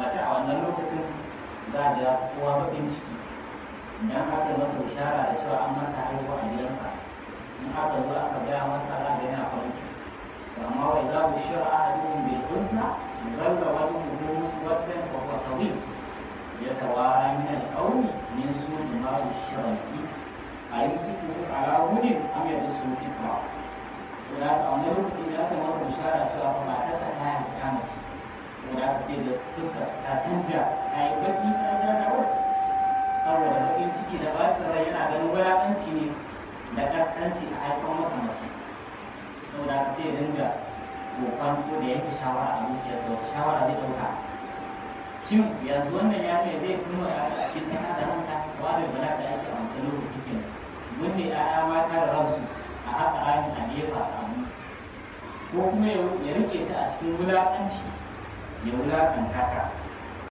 mace a wannan lokacin za a da kowa baƙin ciki idan aka masa bishara da cewa an masa haihuwa a gidansa in aka zo aka gaya masa za ga yana farin ciki amma wai za ku shi a hadin bai kunna zalla wani mutum musu wadan kwakwa kawai ya tawara da kauni ne su ma su shirki a yi musu kuku a rawunin amir da su fitawa. Ya ta wani lokaci da aka masa bishara cewa da sai da fuska ta canja a yi baki ta ja dawo saboda bakin ciki da bacin rai yana ganin wulaƙanci ne da ƙasƙanci a haifar masa mace saboda haka sai ya dinga kwanto da yanke shawara a zuciyarsa wata shawara zai ɗauka shin yanzu wannan ya ne zai tuma a cikin ƙasa da hanta wa da bala da ake a wancan lokaci kenan mun ne ɗaya mata da ransu a haɗa ramin a jefa su ko kuma ya rike ta a cikin wulaƙanci Dia pula mengatakan